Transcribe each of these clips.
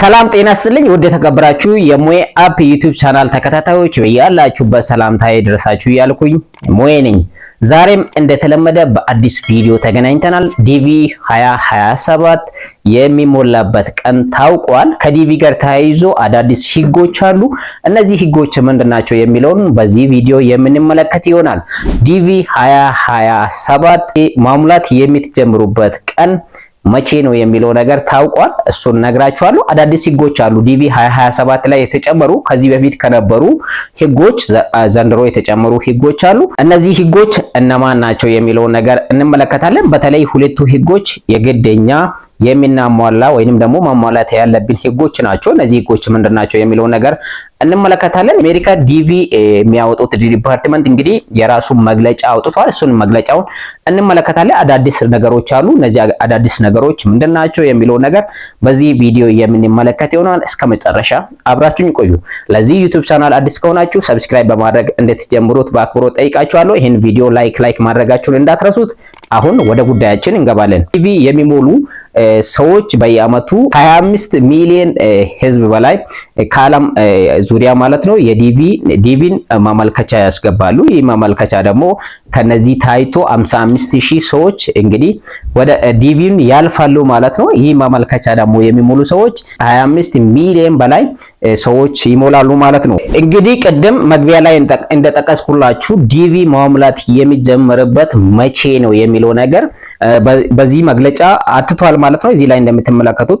ሰላም ጤና ይስጥልኝ። ውድ የተከበራችሁ የሙሄ አፕ ዩቲዩብ ቻናል ተከታታዮች ያላችሁበት ሰላምታ ይድረሳችሁ እያልኩኝ ሙሄ ነኝ። ዛሬም እንደተለመደ በአዲስ ቪዲዮ ተገናኝተናል። ዲቪ 2027 የሚሞላበት ቀን ታውቋል። ከዲቪ ጋር ተያይዞ አዳዲስ ህጎች አሉ። እነዚህ ህጎች ምንድናቸው የሚለውን በዚህ ቪዲዮ የምንመለከት ይሆናል። ዲቪ 2027 ማሙላት የምትጀምሩበት ቀን መቼ ነው የሚለው ነገር ታውቋል። እሱን ነግራችኋለሁ። አዳዲስ ህጎች አሉ። ዲቪ 2027 ላይ የተጨመሩ ከዚህ በፊት ከነበሩ ህጎች ዘንድሮ የተጨመሩ ህጎች አሉ። እነዚህ ህጎች እነማን ናቸው የሚለውን ነገር እንመለከታለን። በተለይ ሁለቱ ህጎች የግደኛ የሚናሟላ ወይንም ደግሞ ማሟላት ያለብን ህጎች ናቸው። እነዚህ ህጎች ምንድን ናቸው የሚለውን ነገር እንመለከታለን። አሜሪካ ዲቪ የሚያወጡት ዲፓርትመንት እንግዲህ የራሱ መግለጫ አውጥቷል። እሱን መግለጫውን እንመለከታለን። አዳዲስ ነገሮች አሉ። እነዚህ አዳዲስ ነገሮች ምንድን ናቸው የሚለውን ነገር በዚህ ቪዲዮ የምንመለከት ይሆናል። እስከ መጨረሻ አብራችሁኝ ቆዩ። ለዚህ ዩቱብ ቻናል አዲስ ከሆናችሁ ሰብስክራይብ በማድረግ እንድትጀምሩት በአክብሮ ጠይቃችኋለሁ። ይህን ቪዲዮ ላይክ ላይክ ማድረጋችሁን እንዳትረሱት። አሁን ወደ ጉዳያችን እንገባለን። ዲቪ የሚሞሉ ሰዎች በየአመቱ 25 ሚሊዮን ህዝብ በላይ ከዓለም ዙሪያ ማለት ነው የዲቪ ዲቪን ማመልከቻ ያስገባሉ። ይህ ማመልከቻ ደግሞ ከነዚህ ታይቶ 55 ሺህ ሰዎች እንግዲህ ወደ ዲቪን ያልፋሉ ማለት ነው። ይህ ማመልከቻ ደግሞ የሚሞሉ ሰዎች 25 ሚሊዮን በላይ ሰዎች ይሞላሉ ማለት ነው። እንግዲህ ቅድም መግቢያ ላይ እንደጠቀስኩላችሁ ዲቪ ማሙላት የሚጀምርበት መቼ ነው የሚለው ነገር በዚህ መግለጫ አትቷል ማለት ነው። እዚህ ላይ እንደምትመለከቱት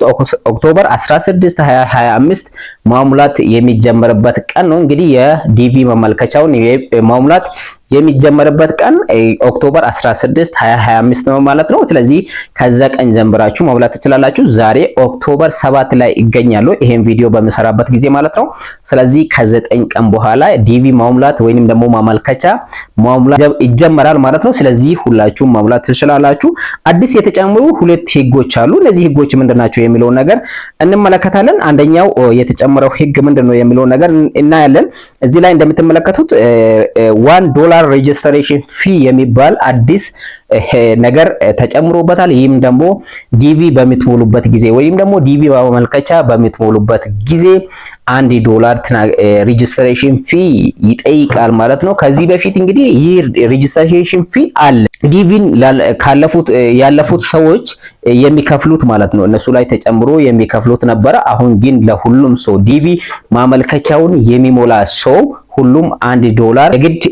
ኦክቶበር 16 2025 ማሙላት የሚጀመርበት ቀን ነው። እንግዲህ የዲቪ መመልከቻውን ማሙላት የሚጀመርበት ቀን ኦክቶበር 16 2025 ነው ማለት ነው። ስለዚህ ከዛ ቀን ጀምራችሁ መብላት ትችላላችሁ። ዛሬ ኦክቶበር 7 ላይ ይገኛሉ ይሄን ቪዲዮ በምሰራበት ጊዜ ማለት ነው። ስለዚህ ከዘጠኝ ቀን በኋላ ዲቪ ማሙላት ወይንም ደግሞ ማመልከቻ ማሙላት ይጀመራል ማለት ነው። ስለዚህ ሁላችሁም ማሙላት ትችላላችሁ። አዲስ የተጨመሩ ሁለት ህጎች አሉ። እነዚህ ህጎች ምንድናቸው የሚለውን ነገር እንመለከታለን። አንደኛው የተጨመረው ህግ ምንድነው የሚለውን ነገር እናያለን። እዚህ ላይ እንደምትመለከቱት ዋን ዶላር ዶላር ሬጅስትሬሽን ፊ የሚባል አዲስ ነገር ተጨምሮበታል። ይህም ደግሞ ዲቪ በምትሞሉበት ጊዜ ወይም ደግሞ ዲቪ በማመልከቻ በምትሞሉበት ጊዜ አንድ ዶላር ሬጅስትሬሽን ፊ ይጠይቃል ማለት ነው። ከዚህ በፊት እንግዲህ ይህ ሬጅስትሬሽን ፊ አለ ዲቪን ካለፉት ያለፉት ሰዎች የሚከፍሉት ማለት ነው። እነሱ ላይ ተጨምሮ የሚከፍሉት ነበረ። አሁን ግን ለሁሉም ሰው ዲቪ ማመልከቻውን የሚሞላ ሰው ሁሉም አንድ ዶላር ግድ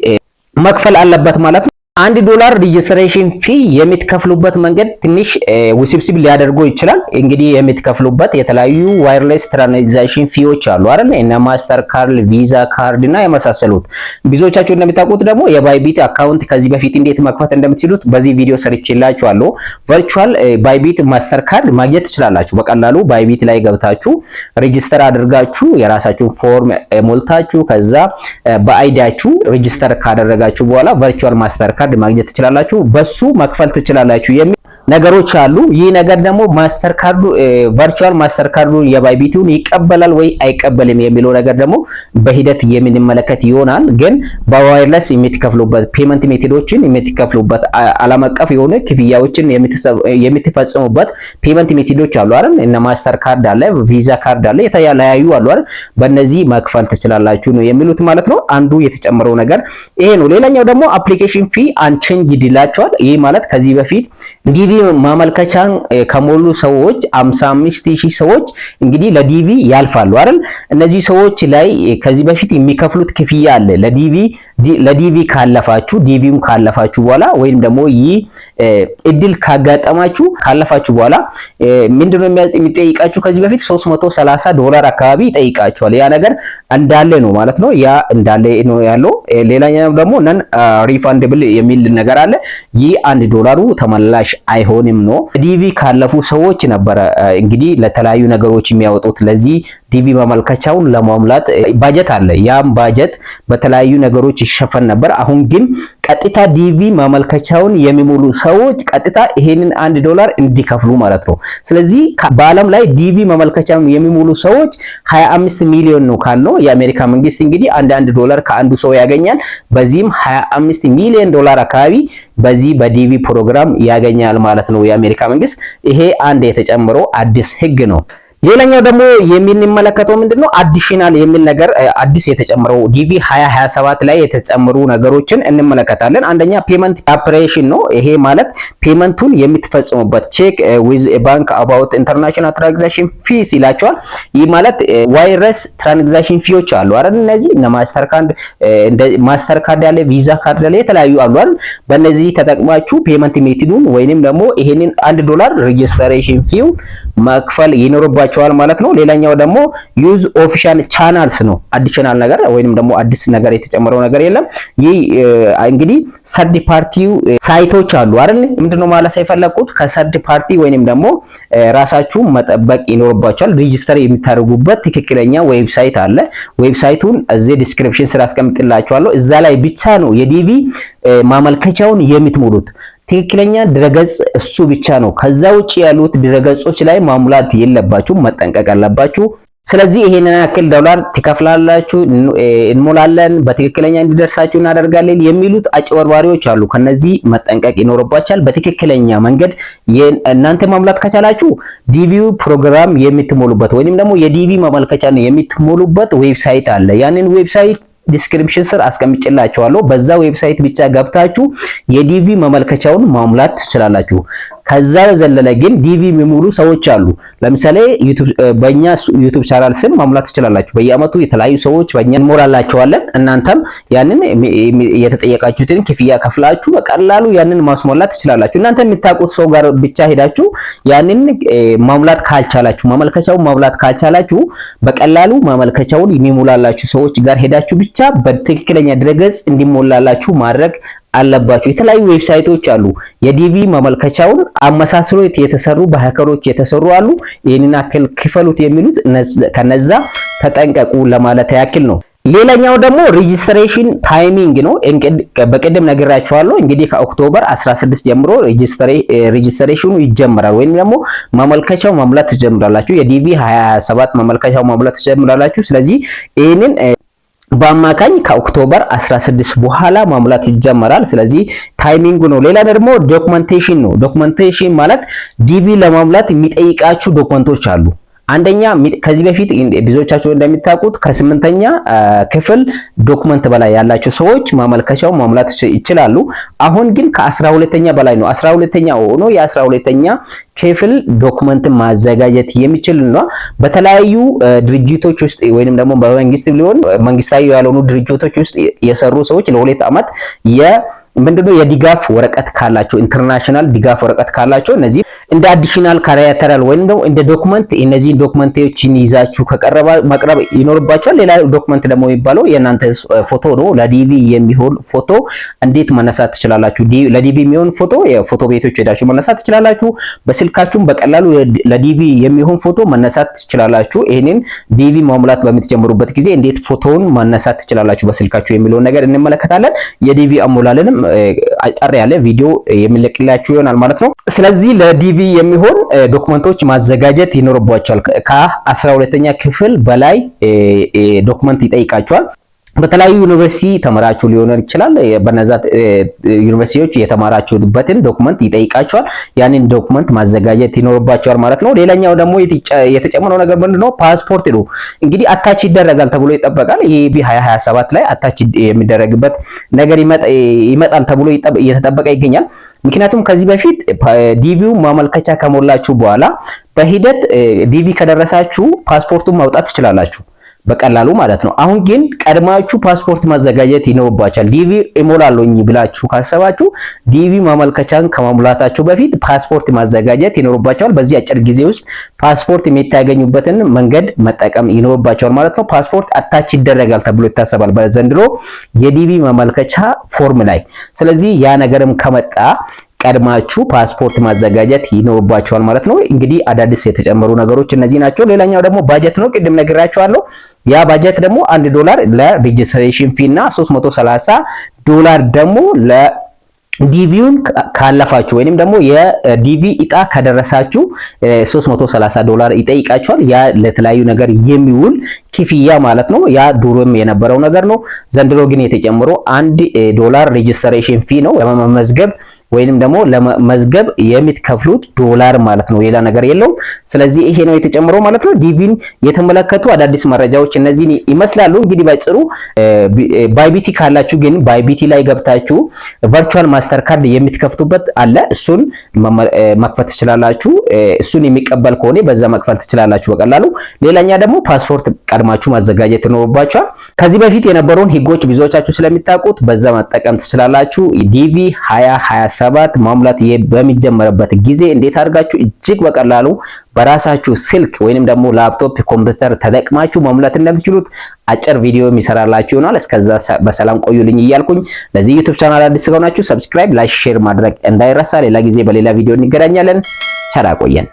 መክፈል አለበት ማለት ነው። አንድ ዶላር ሪጅስትሬሽን ፊ የምትከፍሉበት መንገድ ትንሽ ውስብስብ ሊያደርጎ ይችላል። እንግዲህ የምትከፍሉበት የተለያዩ ዋይርሌስ ትራንዛክሽን ፊዎች አሉ አይደል? እና ማስተር ካርድ፣ ቪዛ ካርድ እና የመሳሰሉት። ብዙዎቻችሁ እንደምታውቁት ደግሞ የባይቢት አካውንት ከዚህ በፊት እንዴት መክፈት እንደምትችሉት በዚህ ቪዲዮ ሰርቼላችኋለሁ። ቨርቹዋል ባይቢት ማስተር ካርድ ማግኘት ትችላላችሁ በቀላሉ ባይቢት ላይ ገብታችሁ ሬጅስተር አድርጋችሁ የራሳችሁን ፎርም ሞልታችሁ ከዛ በአይዲያችሁ ሬጅስተር ካደረጋችሁ በኋላ ቨርቹዋል ማስተር ካርድ ካርድ ማግኘት ትችላላችሁ፣ በሱ መክፈል ትችላላችሁ የሚል ነገሮች አሉ። ይህ ነገር ደግሞ ማስተር ካርዱ ቨርቹዋል ማስተር ካርዱ የባይቢቲውን ይቀበላል ወይ አይቀበልም የሚለው ነገር ደግሞ በሂደት የምንመለከት ይሆናል። ግን በዋይርለስ የምትከፍሉበት ፔመንት ሜቴዶችን የምትከፍሉበት ዓለም አቀፍ የሆነ ክፍያዎችን የምትፈጽሙበት ፔመንት ሜቴዶች አሉ አይደል? እነ ማስተር ካርድ አለ፣ ቪዛ ካርድ አለ፣ የተለያዩ አሉ አይደል? በእነዚህ መክፈል ትችላላችሁ ነው የሚሉት ማለት ነው። አንዱ የተጨመረው ነገር ይሄ ነው። ሌላኛው ደግሞ አፕሊኬሽን ፊ አንቼንጅድ ይላቸዋል። ይህ ማለት ከዚህ በፊት ዲቪ ሚሊዮን ማመልከቻን ከሞሉ ሰዎች 55000 ሰዎች እንግዲህ ለዲቪ ያልፋሉ አይደል? እነዚህ ሰዎች ላይ ከዚህ በፊት የሚከፍሉት ክፍያ አለ ለዲቪ ለዲቪ ካለፋችሁ ዲቪም ካለፋችሁ በኋላ ወይም ደግሞ ይህ እድል ካጋጠማችሁ ካለፋችሁ በኋላ ምንድነው የሚጠይቃችሁ? ከዚህ በፊት 330 ዶላር አካባቢ ይጠይቃችኋል። ያ ነገር እንዳለ ነው ማለት ነው። ያ እንዳለ ነው ያለው። ሌላኛው ደግሞ ነን ሪፋንድብል የሚል ነገር አለ። ይህ አንድ ዶላሩ ተመላሽ አይሆንም ነው። ዲቪ ካለፉ ሰዎች ነበረ እንግዲህ ለተለያዩ ነገሮች የሚያወጡት ለዚህ ዲቪ ማመልከቻውን ለማሙላት ባጀት አለ። ያም ባጀት በተለያዩ ነገሮች ይሸፈን ነበር። አሁን ግን ቀጥታ ዲቪ ማመልከቻውን የሚሞሉ ሰዎች ቀጥታ ይሄንን አንድ ዶላር እንዲከፍሉ ማለት ነው። ስለዚህ በዓለም ላይ ዲቪ ማመልከቻውን የሚሞሉ ሰዎች 25 ሚሊዮን ነው ካልነው የአሜሪካ መንግስት እንግዲህ አንድ አንድ ዶላር ከአንዱ ሰው ያገኛል። በዚህም 25 ሚሊዮን ዶላር አካባቢ በዚህ በዲቪ ፕሮግራም ያገኛል ማለት ነው የአሜሪካ መንግስት። ይሄ አንድ የተጨመረው አዲስ ህግ ነው። ሌላኛው ደግሞ የምንመለከተው ምንድነው አዲሽናል የሚል ነገር አዲስ የተጨመረው ዲቪ 2027 ላይ የተጨመሩ ነገሮችን እንመለከታለን። አንደኛ ፔመንት ኦፕሬሽን ነው። ይሄ ማለት ፔመንቱን የምትፈጽሙበት ቼክ ዊዝ ባንክ አባውት ኢንተርናሽናል ትራንዛክሽን ፊስ ይላቸዋል። ይህ ማለት ዋይረስ ትራንዛክሽን ፊዎች አሉ አይደል? እነዚህ እነ ማስተር ካርድ እንደ ማስተር ካርድ ያለ ቪዛ ካርድ ያለ የተለያዩ አሉ አይደል? በእነዚህ ተጠቅማችሁ ፔመንት ሜቲዱን ወይንም ደግሞ ይሄንን አንድ ዶላር ሬጅስትሬሽን ፊው መክፈል ይኖርባል ይሰጣቸዋል ማለት ነው። ሌላኛው ደግሞ ዩዝ ኦፊሻል ቻናልስ ነው። አዲሽናል ነገር ወይንም ደግሞ አዲስ ነገር የተጨመረው ነገር የለም። ይህ እንግዲህ ሰርድ ፓርቲ ሳይቶች አሉ አይደል? ምንድነው ማለት የፈለኩት ከሰርድ ፓርቲ ወይንም ደግሞ ራሳችሁ መጠበቅ ይኖርባቸዋል። ሬጂስተር የሚታደርጉበት ትክክለኛ ዌብሳይት አለ። ዌብሳይቱን እዚህ ዲስክሪፕሽን ስራ አስቀምጥላችኋለሁ። እዛ ላይ ብቻ ነው የዲቪ ማመልከቻውን የምትሞሉት። ትክክለኛ ድረገጽ እሱ ብቻ ነው። ከዛ ውጭ ያሉት ድረገጾች ላይ ማሙላት የለባችሁ፣ መጠንቀቅ አለባችሁ። ስለዚህ ይሄንን ያክል ዶላር ትከፍላላችሁ፣ እንሞላለን፣ በትክክለኛ እንዲደርሳችሁ እናደርጋለን የሚሉት አጭበርባሪዎች አሉ። ከነዚህ መጠንቀቅ ይኖርባችኋል። በትክክለኛ መንገድ እናንተ ማሙላት ከቻላችሁ ዲቪ ፕሮግራም የምትሞሉበት ወይንም ደግሞ የዲቪ ማመልከቻ የምትሞሉበት ዌብሳይት አለ። ያንን ዌብሳይት ዲስክሪፕሽን ስር አስቀምጭላችኋለሁ። በዛ ዌብሳይት ብቻ ገብታችሁ የዲቪ መመልከቻውን ማሙላት ትችላላችሁ። ከዛ በዘለለ ግን ዲቪ የሚሙሉ ሰዎች አሉ። ለምሳሌ በእኛ ዩቱብ ቻናል ስም መሙላት ትችላላችሁ። በየአመቱ የተለያዩ ሰዎች በእኛ እንሞላላቸዋለን። እናንተም ያንን የተጠየቃችሁትን ክፍያ ከፍላችሁ በቀላሉ ያንን ማስሞላት ትችላላችሁ። እናንተ የምታውቁት ሰው ጋር ብቻ ሄዳችሁ ያንን ማሙላት ካልቻላችሁ፣ ማመልከቻውን ማሙላት ካልቻላችሁ በቀላሉ ማመልከቻውን የሚሞላላችሁ ሰዎች ጋር ሄዳችሁ ብቻ በትክክለኛ ድረገጽ እንዲሞላላችሁ ማድረግ አለባችሁ። የተለያዩ ዌብሳይቶች አሉ። የዲቪ ማመልከቻውን አመሳስሎ የተሰሩ በሀከሮች የተሰሩ አሉ። ይህንን አክል ክፈሉት የሚሉት ከነዛ ተጠንቀቁ ለማለት ያክል ነው። ሌላኛው ደግሞ ሬጂስትሬሽን ታይሚንግ ነው። በቅድም ነግራችኋለሁ። እንግዲህ ከኦክቶበር 16 ጀምሮ ሬጅስትሬሽኑ ይጀምራል ወይም ደግሞ ማመልከቻው መሙላት ትጀምራላችሁ። የዲቪ 27 ማመልከቻው ማምላት ትጀምራላችሁ። ስለዚህ ይህንን በአማካኝ ከኦክቶበር 16 በኋላ ማሙላት ይጀመራል። ስለዚህ ታይሚንጉ ነው። ሌላ ደግሞ ዶክመንቴሽን ነው። ዶክመንቴሽን ማለት ዲቪ ለማሙላት የሚጠይቃችሁ ዶክመንቶች አሉ። አንደኛ ከዚህ በፊት ብዙዎቻችሁ እንደሚታውቁት ከስምንተኛ ክፍል ዶክመንት በላይ ያላቸው ሰዎች ማመልከቻው ማሙላት ይችላሉ። አሁን ግን ከአስራ ሁለተኛ በላይ ነው። አስራ ሁለተኛ ሆኖ የአስራ ሁለተኛ ክፍል ዶክመንት ማዘጋጀት የሚችል እና በተለያዩ ድርጅቶች ውስጥ ወይንም ደግሞ በመንግስት ሊሆን መንግስታዊ ያልሆኑ ድርጅቶች ውስጥ የሰሩ ሰዎች ለሁለት ዓመት የምንድነው የድጋፍ ወረቀት ካላቸው ኢንተርናሽናል ድጋፍ ወረቀት ካላቸው እነዚህ እንደ አዲሽናል ካሪያተራል ወይም ደግሞ እንደ ዶክመንት እነዚህን ዶክመንቶችን ይዛችሁ ከቀረባ ማቅረብ ይኖርባችኋል። ሌላ ዶክመንት ደግሞ የሚባለው የእናንተ ፎቶ ነው። ለዲቪ የሚሆን ፎቶ እንዴት መነሳት ትችላላችሁ? ለዲቪ የሚሆን ፎቶ የፎቶ ቤቶች ሄዳችሁ መነሳት ትችላላችሁ። በስልካችሁም በቀላሉ ለዲቪ የሚሆን ፎቶ መነሳት ትችላላችሁ። ይህንን ዲቪ መሙላት በምትጀምሩበት ጊዜ እንዴት ፎቶውን መነሳት ትችላላችሁ በስልካችሁ የሚለውን ነገር እንመለከታለን። የዲቪ አሞላለንም አጠር ያለ ቪዲዮ የሚለቅላችሁ ይሆናል ማለት ነው። ስለዚህ ለዲቪ ሲቪ የሚሆን ዶክመንቶች ማዘጋጀት ይኖርባቸዋል። ከአስራ ሁለተኛ ክፍል በላይ ዶክመንት ይጠይቃቸዋል። በተለያዩ ዩኒቨርሲቲ ተመራችሁ ሊሆን ይችላል። በነዛ ዩኒቨርሲቲዎች የተማራችሁበትን ዶክመንት ይጠይቃቸዋል። ያንን ዶክመንት ማዘጋጀት ይኖርባቸዋል ማለት ነው። ሌላኛው ደግሞ የተጨመረው ነገር ምንድነው? ፓስፖርት ነው። እንግዲህ አታች ይደረጋል ተብሎ ይጠበቃል። ኢኤቢ 2027 ላይ አታች የሚደረግበት ነገር ይመጣል ተብሎ እየተጠበቀ ይገኛል። ምክንያቱም ከዚህ በፊት ዲቪው ማመልከቻ ከሞላችሁ በኋላ በሂደት ዲቪ ከደረሳችሁ ፓስፖርቱን ማውጣት ትችላላችሁ። በቀላሉ ማለት ነው። አሁን ግን ቀድማችሁ ፓስፖርት ማዘጋጀት ይኖርባችኋል። ዲቪ እሞላለሁኝ ብላችሁ ካሰባችሁ ዲቪ ማመልከቻን ከማሙላታችሁ በፊት ፓስፖርት ማዘጋጀት ይኖርባችኋል። በዚህ አጭር ጊዜ ውስጥ ፓስፖርት የሚታገኙበትን መንገድ መጠቀም ይኖርባችኋል ማለት ነው። ፓስፖርት አታች ይደረጋል ተብሎ ይታሰባል በዘንድሮ የዲቪ ማመልከቻ ፎርም ላይ። ስለዚህ ያ ነገርም ከመጣ ቀድማችሁ ፓስፖርት ማዘጋጀት ይኖርባችኋል ማለት ነው። እንግዲህ አዳዲስ የተጨመሩ ነገሮች እነዚህ ናቸው። ሌላኛው ደግሞ ባጀት ነው። ቅድም ነግራችኋለሁ። ያ ባጀት ደግሞ አንድ ዶላር ለሬጅስትሬሽን ፊ እና 330 ዶላር ደግሞ ዲቪውን ካለፋችሁ ወይንም ደግሞ የዲቪ እጣ ከደረሳችሁ 330 ዶላር ይጠይቃችኋል። ያ ለተለያዩ ነገር የሚውል ክፍያ ማለት ነው። ያ ዱሮም የነበረው ነገር ነው። ዘንድሮ ግን የተጨምሮ አንድ ዶላር ሬጅስትሬሽን ፊ ነው ለመመዝገብ ወይንም ደግሞ ለመዝገብ የሚትከፍሉት ዶላር ማለት ነው። ሌላ ነገር የለውም። ስለዚህ ይሄ ነው የተጨምረው ማለት ነው። ዲቪን የተመለከቱ አዳዲስ መረጃዎች እነዚህን ይመስላሉ። እንግዲህ ባጭሩ ባይቢቲ ካላችሁ ግን ባይቢቲ ላይ ገብታችሁ ቨርቹዋል ማስተር ካርድ የሚትከፍቱበት አለ። እሱን መክፈት ትችላላችሁ። እሱን የሚቀበል ከሆነ በዛ መክፈል ትችላላችሁ በቀላሉ። ሌላኛ ደግሞ ፓስፖርት ቀድማችሁ ማዘጋጀት ይኖርባችኋል። ከዚህ በፊት የነበረውን ህጎች ብዙዎቻችሁ ስለሚታውቁት በዛ መጠቀም ትችላላችሁ። ዲቪ 20 ሰባት ማሙላት በሚጀመርበት ጊዜ እንዴት አድርጋችሁ እጅግ በቀላሉ በራሳችሁ ስልክ ወይንም ደግሞ ላፕቶፕ ኮምፒውተር ተጠቅማችሁ ማሙላት እንደምትችሉት አጭር ቪዲዮ የሚሰራላችሁ ይሆናል። እስከዛ በሰላም ቆዩልኝ እያልኩኝ ለዚህ ዩቲዩብ ቻናል አዲስ ከሆናችሁ ሰብስክራይብ፣ ላይክ፣ ሼር ማድረግ እንዳይረሳ። ሌላ ጊዜ በሌላ ቪዲዮ እንገናኛለን። ቸር ቆየን።